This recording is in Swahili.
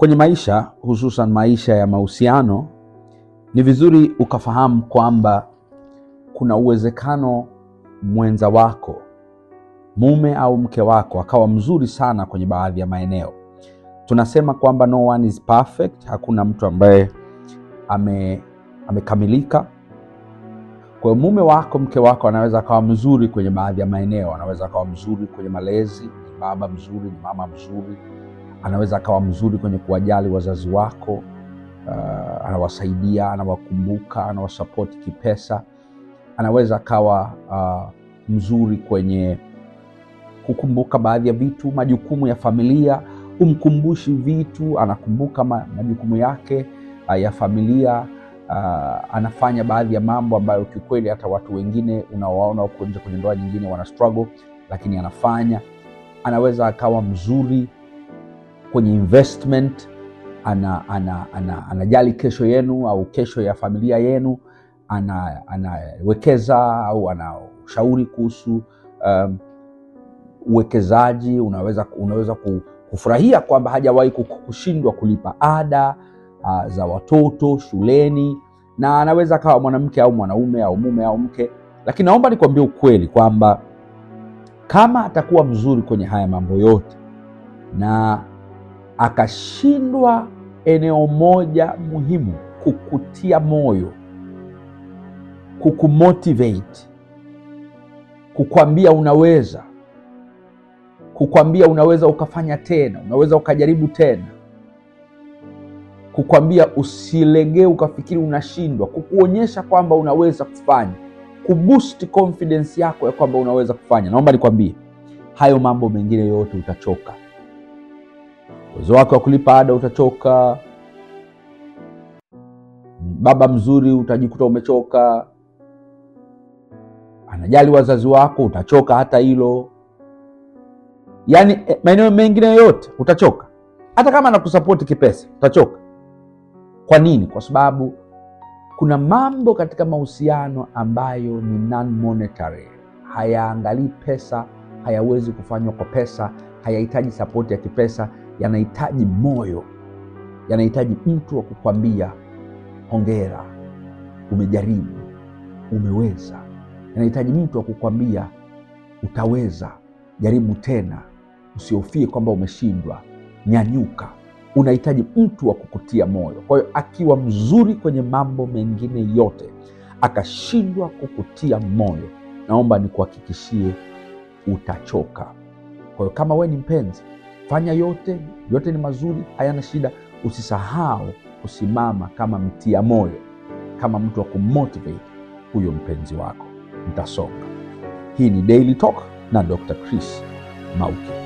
Kwenye maisha, hususan maisha ya mahusiano, ni vizuri ukafahamu kwamba kuna uwezekano mwenza wako mume au mke wako akawa mzuri sana kwenye baadhi ya maeneo. Tunasema kwamba no one is perfect, hakuna mtu ambaye ame amekamilika. Kwa hiyo mume wako, mke wako anaweza akawa mzuri kwenye baadhi ya maeneo, anaweza akawa mzuri kwenye malezi, ni baba mzuri, ni mama mzuri anaweza akawa mzuri kwenye kuwajali wazazi wako uh, anawasaidia, anawakumbuka, anawasapoti kipesa. Anaweza akawa uh, mzuri kwenye kukumbuka baadhi ya vitu, majukumu ya familia, umkumbushi vitu, anakumbuka majukumu yake uh, ya familia uh, anafanya baadhi ya mambo ambayo kiukweli hata watu wengine unawaona huko kwenye ndoa nyingine wana struggle, lakini anafanya. Anaweza akawa mzuri kwenye investment, ana, ana, ana, anajali kesho yenu au kesho ya familia yenu, anawekeza ana au anashauri kuhusu um, uwekezaji. Unaweza, unaweza kufurahia kwamba hajawahi kushindwa kulipa ada uh, za watoto shuleni, na anaweza akawa mwanamke au mwanaume au mume au mke, lakini naomba nikwambie ukweli kwamba kama atakuwa mzuri kwenye haya mambo yote na akashindwa eneo moja muhimu, kukutia moyo, kukumotivate, kukwambia unaweza, kukwambia unaweza ukafanya tena, unaweza ukajaribu tena, kukwambia usilegee ukafikiri unashindwa, kukuonyesha kwamba unaweza kufanya, kuboost confidence yako ya kwamba unaweza kufanya. Naomba nikwambie hayo mambo mengine yote utachoka uwezo wake wa kulipa ada utachoka. Baba mzuri utajikuta umechoka. Anajali wazazi wako, utachoka hata hilo. Yaani eh, maeneo mengine yote utachoka, hata kama anakusapoti kipesa utachoka. Kwa nini? Kwa sababu kuna mambo katika mahusiano ambayo ni non monetary, hayaangalii pesa, hayawezi kufanywa kwa pesa, hayahitaji sapoti ya kipesa yanahitaji moyo, yanahitaji mtu wa kukwambia hongera, umejaribu, umeweza. Yanahitaji mtu wa kukwambia utaweza, jaribu tena, usiofie kwamba umeshindwa, nyanyuka. Unahitaji mtu wa kukutia moyo. Kwa hiyo akiwa mzuri kwenye mambo mengine yote akashindwa kukutia moyo, naomba nikuhakikishie utachoka. Kwa hiyo kama we ni mpenzi fanya yote, yote ni mazuri, hayana shida. Usisahau kusimama kama mtia moyo, kama mtu wa kumotivate huyo mpenzi wako, mtasonga. Hii ni Daily Talk na Dr. Chris Mauki.